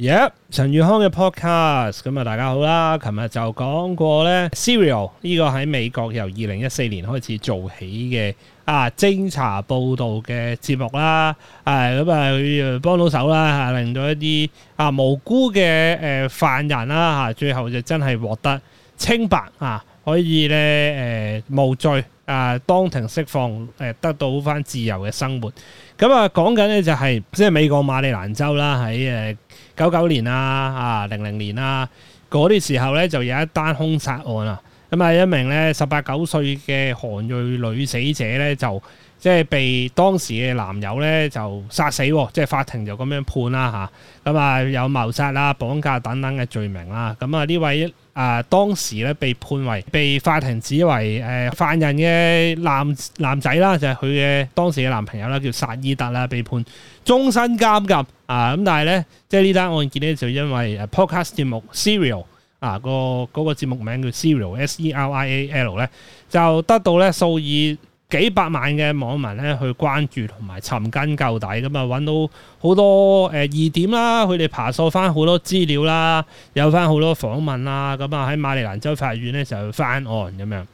耶！Yeah, 陳宇康嘅 podcast，咁啊大家好啦。琴日就講過咧，Serial 呢個喺美國由二零一四年開始做起嘅啊偵查報道嘅節目啦，誒咁啊佢、啊、幫到手啦、啊，令到一啲啊無辜嘅誒犯人啦嚇，最後就真係獲得清白啊，可以咧誒、啊、無罪啊當庭釋放誒、啊、得到返自由嘅生活。咁啊，啊講緊咧就係、是、即係美國馬里蘭州啦，喺誒。啊九九年啊，啊零零年啊，嗰啲時候呢，就有一單凶殺案啊，咁啊一名呢十八九歲嘅韓裔女死者呢，就即係被當時嘅男友呢，就殺死，即係法庭就咁樣判啦吓，咁啊，啊有謀殺啦、綁架等等嘅罪名啦，咁啊呢、啊、位。啊！當時咧被判為被法庭指為誒、呃、犯人嘅男男仔啦，就係佢嘅當時嘅男朋友啦，叫薩伊德啦，被判終身監禁啊！咁但係咧，即係呢單案件咧，就因為誒 Podcast 節目 Serial 啊、那個嗰、那個節目名叫 Serial S E R I A L 咧，就得到咧數以幾百萬嘅網民咧去關注同埋尋根究底，咁啊揾到好多誒疑點啦，佢哋爬梳翻好多資料啦，有翻好多訪問啦，咁啊喺馬里蘭州法院咧就翻案咁樣，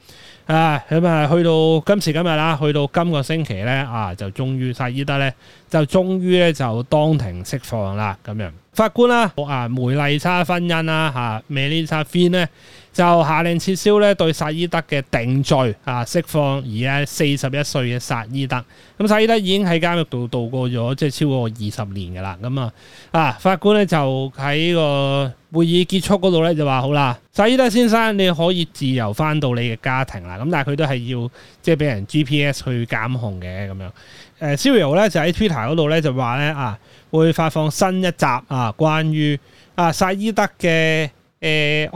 啊咁啊去到今時今日啦，去到今個星期咧啊就終於薩依德咧。就終於咧就當庭釋放啦咁樣，法官啦啊梅麗莎婚姻啦嚇，梅麗莎菲、啊啊、呢就下令撤銷咧對薩伊德嘅定罪啊，釋放而家四十一歲嘅薩伊德，咁、嗯、薩伊德已經喺監獄度度過咗即係超過二十年噶啦，咁啊啊法官咧就喺個會議結束嗰度咧就話好啦，薩伊德先生你可以自由返到你嘅家庭啦，咁但係佢都係要即係俾人 GPS 去監控嘅咁樣。誒 S、uh、Serial 咧就喺 Twitter 嗰度咧就話咧啊，會發放新一集啊，關於啊薩伊德嘅誒、呃、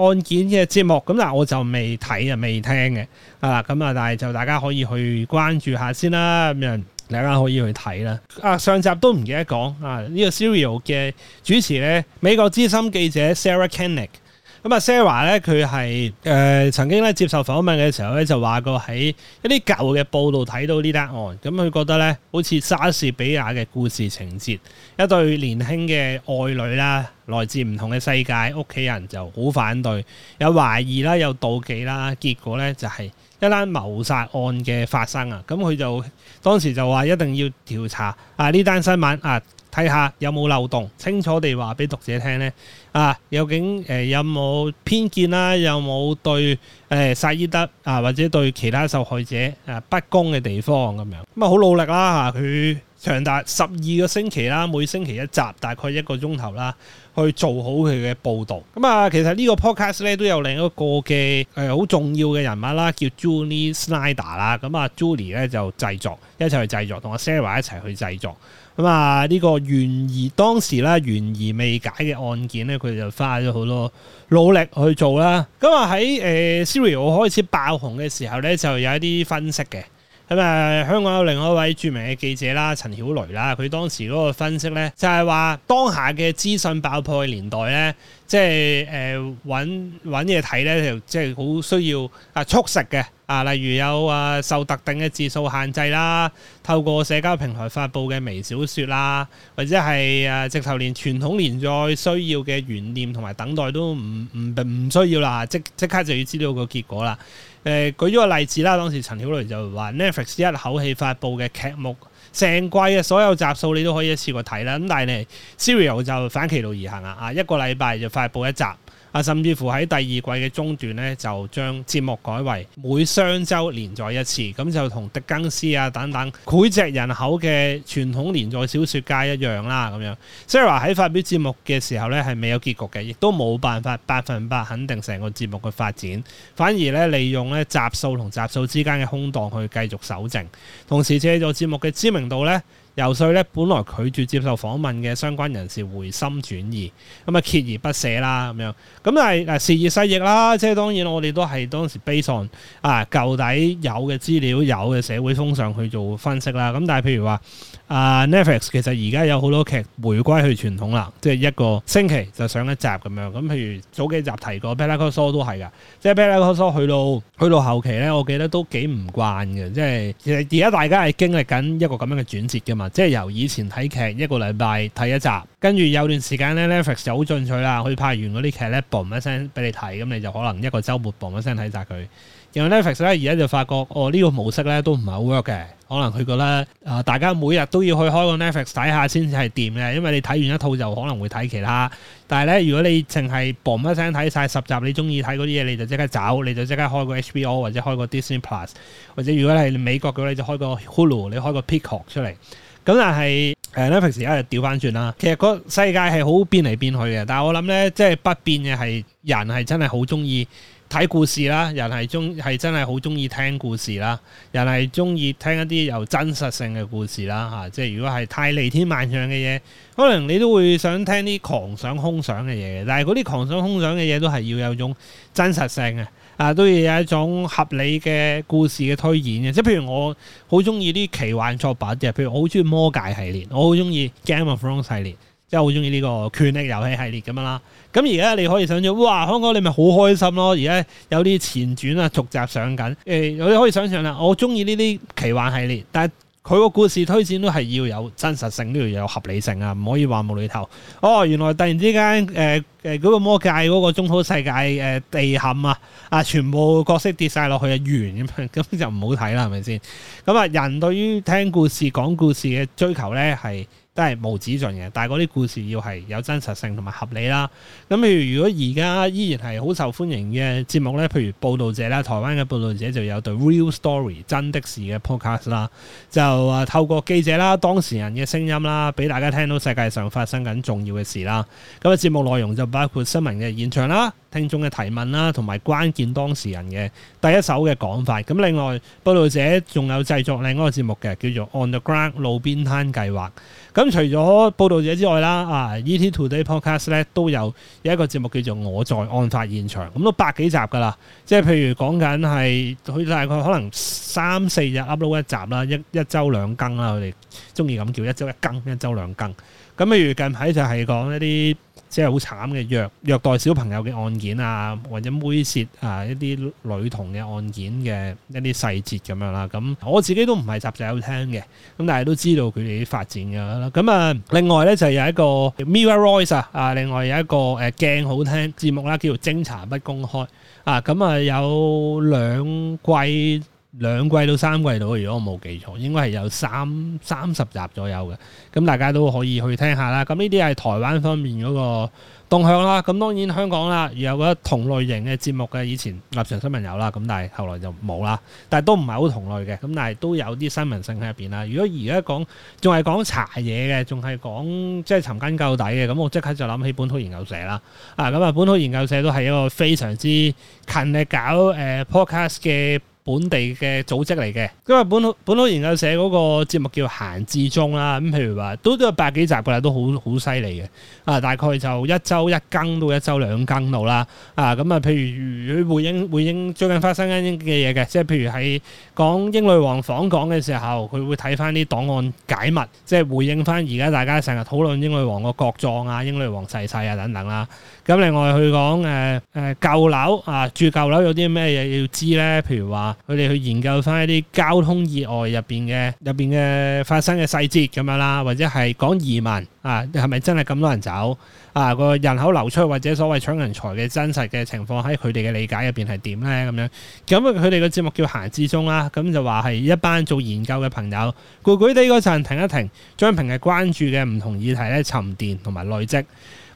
案件嘅節目，咁、嗯、嗱我就未睇啊未聽嘅啊，咁啊但係就大家可以去關注下先啦，咁樣大家可以去睇啦。啊上集都唔記得講啊，呢、呢個 Serial 嘅主持咧，美國資深記者 Sarah Koenig。咁啊，Sarah 咧，佢係誒曾經咧接受訪問嘅時候咧，就話過喺一啲舊嘅報道睇到呢單案，咁佢覺得咧好似莎士比亞嘅故事情節，一對年輕嘅愛侶啦，來自唔同嘅世界，屋企人就好反對，有懷疑啦，有妒忌啦，結果咧就係一單謀殺案嘅發生啊！咁佢就當時就話一定要調查啊呢單新聞啊！睇下有冇漏洞，清楚地話俾讀者聽呢啊，究竟誒、呃、有冇偏見啦、啊，有冇對誒薩伊德啊或者對其他受害者誒、啊、不公嘅地方咁樣。咁啊，好努力啦吓，佢、啊、長達十二個星期啦，每星期一集，大概一個鐘頭啦，去做好佢嘅報道。咁、嗯、啊，其實呢個 podcast 咧都有另一個嘅誒好重要嘅人物啦、啊，叫 Julie Snyder,、啊啊、Julie Snyder 啦，咁啊 Julie 咧就製作一齊去製作，同阿 Sarah 一齊去製作。咁啊，呢、嗯這個懸疑當時啦，懸疑未解嘅案件咧，佢哋就花咗好多努力去做啦。咁啊喺誒 Serial 開始爆紅嘅時候咧，就有一啲分析嘅。咁、嗯、啊、呃，香港有另外一位著名嘅記者啦，陳曉蕾啦，佢當時嗰個分析咧，就係、是、話當下嘅資訊爆破嘅年代咧。即係誒揾嘢睇呢，就即係好需要啊速食嘅啊，例如有啊受特定嘅字數限制啦、啊，透過社交平台發布嘅微小說啦、啊，或者係啊直頭連傳統連載需要嘅懸念同埋等待都唔唔唔需要啦，即即刻就要知道個結果啦。誒、啊，舉咗個例子啦，當時陳曉蕾就話 Netflix 一口氣發布嘅劇目。成季嘅所有集數你都可以一次過睇啦，咁但係呢，Serial 就反其道而行啦，啊一個禮拜就快播一集。啊，甚至乎喺第二季嘅中段咧，就將節目改為每雙周連載一次，咁就同狄更斯啊等等膾炙人口嘅傳統連載小説家一樣啦，咁樣。所以話喺發表節目嘅時候咧，係未有結局嘅，亦都冇辦法百分百肯定成個節目嘅發展，反而咧利用咧集數同集數之間嘅空檔去繼續搜證，同時借住節目嘅知名度咧。游說咧，本來拒絕接受訪問嘅相關人士回心轉意，咁啊，鍥而不捨啦，咁樣。咁但係嗱，時移世易啦，即係當然我哋都係當時 base on 啊，舊底有嘅資料、有嘅社會風尚去做分析啦。咁但係譬如話啊，Netflix 其實而家有好多劇回歸去傳統啦，即係一個星期就上一集咁樣。咁譬如早幾集提過，《Better Call Saul》都係噶，即係《Better Call Saul》去到去到後期呢，我記得都幾唔慣嘅，即係其實而家大家係經歷緊一個咁樣嘅轉折嘅。即係由以前睇劇一個禮拜睇一集，跟住有段時間咧 Netflix 就好進取啦，佢拍完嗰啲劇咧，boom 一聲俾你睇，咁你就可能一個週末 boom 一聲睇晒佢。然後 Netflix 咧而家就發覺哦呢、呢個模式咧都唔係好 work 嘅，可能佢覺得啊、呃、大家每日都要去開個 Netflix 睇下先至係掂嘅，因為你睇完一套就可能會睇其他。但係咧如果你淨係 boom 一聲睇晒十集你中意睇嗰啲嘢，你就即刻走，你就即刻開個 HBO 或者開個 Disney Plus，或者如果你係美國嘅你就開個 Hulu，你開個 Peacock 出嚟。咁但係誒 Netflix 而家又調翻轉啦，其實個世界係好變嚟變去嘅，但係我諗咧，即係不變嘅係人係真係好中意睇故事啦，人係中係真係好中意聽故事啦，人係中意聽一啲有真實性嘅故事啦嚇、啊，即係如果係太離天萬象嘅嘢，可能你都會想聽啲狂想空想嘅嘢嘅，但係嗰啲狂想空想嘅嘢都係要有種真實性嘅。啊，都要有一種合理嘅故事嘅推演嘅，即係譬如我好中意啲奇幻作品嘅，譬如我好中意魔戒系列，我好中意《Game of Thrones》系列，即係好中意呢個權力遊戲系列咁樣啦。咁而家你可以想象，哇！香港你咪好開心咯，而家有啲前傳啊、續集上緊。誒、欸，我哋可以想象啦，我中意呢啲奇幻系列，但係。佢個故事推薦都係要有真實性，都要有合理性啊，唔可以話冇厘頭。哦，原來突然之間，誒、呃、誒，嗰、呃、個魔界嗰個中土世界，誒、呃、地陷啊，啊，全部角色跌晒落去啊，完咁樣，咁就唔好睇啦，係咪先？咁啊，人對於聽故事、講故事嘅追求咧，係。都係無止盡嘅，但係嗰啲故事要係有真實性同埋合理啦。咁譬如如果而家依然係好受歡迎嘅節目呢，譬如報導者啦，台灣嘅報導者就有對 real story，「真的是」嘅 podcast 啦，就啊透過記者啦、當事人嘅聲音啦，俾大家聽到世界上發生緊重要嘅事啦。咁啊節目內容就包括新聞嘅現場啦。聽眾嘅提問啦，同埋關鍵當事人嘅第一手嘅講法。咁另外，報導者仲有製作另一個節目嘅，叫做《On the Ground 路邊攤計劃》。咁、嗯、除咗報導者之外啦，啊，《ET Today Podcast》咧都有有一個節目叫做《我在案發現場》。咁、嗯、都百幾集噶啦，即係譬如講緊係佢大概可能三四日 upload 一集啦，一一周兩更啦，佢哋中意咁叫一週一更，一週兩更。咁、嗯、譬如近排就係講一啲。即係好慘嘅虐虐待小朋友嘅案件啊，或者猥褻啊一啲女童嘅案件嘅一啲細節咁樣啦。咁、嗯、我自己都唔係集集有聽嘅，咁但係都知道佢哋啲發展嘅、啊、啦。咁、嗯、啊，另外呢就有一個 Mirror Royce 啊、啊，另外有一個誒、啊、鏡好聽節目啦、啊，叫做《偵查不公開》啊。咁、嗯、啊，有兩季。兩季到三季度，如果我冇記錯，應該係有三三十集左右嘅，咁大家都可以去聽下啦。咁呢啲係台灣方面嗰個動向啦。咁當然香港啦，如果有同類型嘅節目嘅，以前《立場新聞》有啦，咁但係後來就冇啦。但係都唔係好同類嘅，咁但係都有啲新聞性喺入邊啦。如果而家講仲係講查嘢嘅，仲係講即係尋根究底嘅，咁我即刻就諗起本土研究社啦。啊，咁啊，本土研究社都係一個非常之勤力搞誒、呃、podcast 嘅，本地嘅組織嚟嘅，因為本土本土研究社嗰個節目叫閒置中啦，咁譬如話都都有百幾集嘅啦，都好好犀利嘅，啊大概就一周一更到一周兩更到啦，啊咁啊，譬如回應回應最近發生緊嘅嘢嘅，即係譬如喺講英女王訪港嘅時候，佢會睇翻啲檔案解密，即係回應翻而家大家成日討論英女王個國葬啊、英女王逝世啊等等啦。咁另外去講誒誒、呃、舊樓啊，住舊樓有啲咩嘢要知呢？譬如話，佢哋去研究翻一啲交通意外入邊嘅入邊嘅發生嘅細節咁樣啦，或者係講移民啊，係咪真係咁多人走啊？個人口流出或者所謂搶人才嘅真實嘅情況喺佢哋嘅理解入邊係點呢？咁樣咁佢哋嘅節目叫閒置中啦，咁、啊、就話係一班做研究嘅朋友，攰攰啲嗰陣停一停，將平日關注嘅唔同議題咧沉澱同埋累積。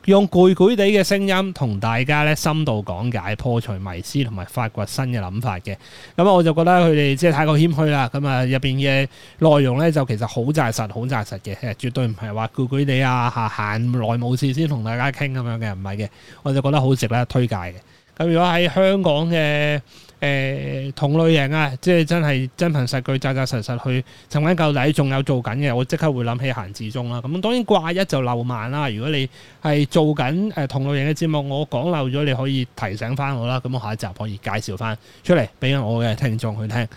用攰攰地嘅聲音同大家咧深度講解破除迷思同埋發掘新嘅諗法嘅，咁啊我就覺得佢哋即係太過謙虛啦。咁啊入邊嘅內容咧就其實好紮實，好紮實嘅，係絕對唔係話攰攰地啊行內冇事先同大家傾咁樣嘅，唔係嘅，我就覺得好值得推介嘅。咁如果喺香港嘅，誒同類型啊，即係真係真憑實據、扎扎實實去尋根究底，仲有做緊嘅，我即刻會諗起閒置中啦、啊。咁當然掛一就漏萬啦。如果你係做緊誒同類型嘅節目，我講漏咗，你可以提醒翻我啦。咁我下一集可以介紹翻出嚟俾我嘅聽眾去聽。咁、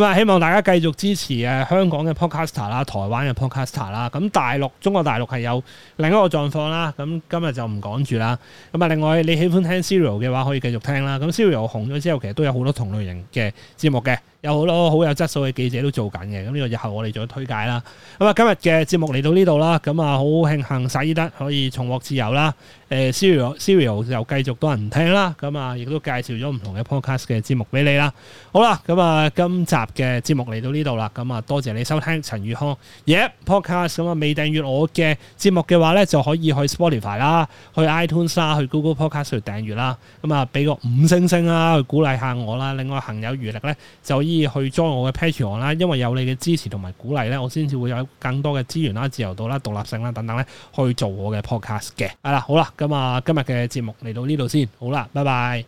嗯、啊，希望大家繼續支持誒、啊、香港嘅 podcaster 啦，台灣嘅 podcaster 啦。咁、嗯、大陸中國大陸係有另一個狀況啦。咁、嗯、今日就唔講住啦。咁、嗯、啊，另外你喜歡聽 serial 嘅話，可以繼續聽啦。咁 serial 紅咗之後，其實都有好多。同類型嘅節目嘅。有好多好有質素嘅記者都做緊嘅，咁、這、呢個日後我哋再推介啦。咁啊，今日嘅節目嚟到呢度啦，咁啊，好慶幸薩依德可以重獲自由啦。誒、呃、Serial serial 又 Ser 繼續多人聽啦，咁啊，亦都介紹咗唔同嘅 podcast 嘅節目俾你啦。好啦，咁啊，今集嘅節目嚟到呢度啦，咁啊，多謝你收聽陳宇康嘅、yeah, podcast。咁啊，未訂閱我嘅節目嘅話咧，就可以去 Spotify 啦，去 iTunes 啊，去 Google Podcast 度訂閱啦。咁啊，俾個五星星啦、啊，去鼓勵下我啦。另外，行有餘力咧，就可以去 join 我嘅 Patreon 啦，因為有你嘅支持同埋鼓勵咧，我先至會有更多嘅資源啦、自由度啦、獨立性啦等等咧，去做我嘅 podcast 嘅。係啦，好啦，咁啊，今日嘅節目嚟到呢度先，好啦，拜拜。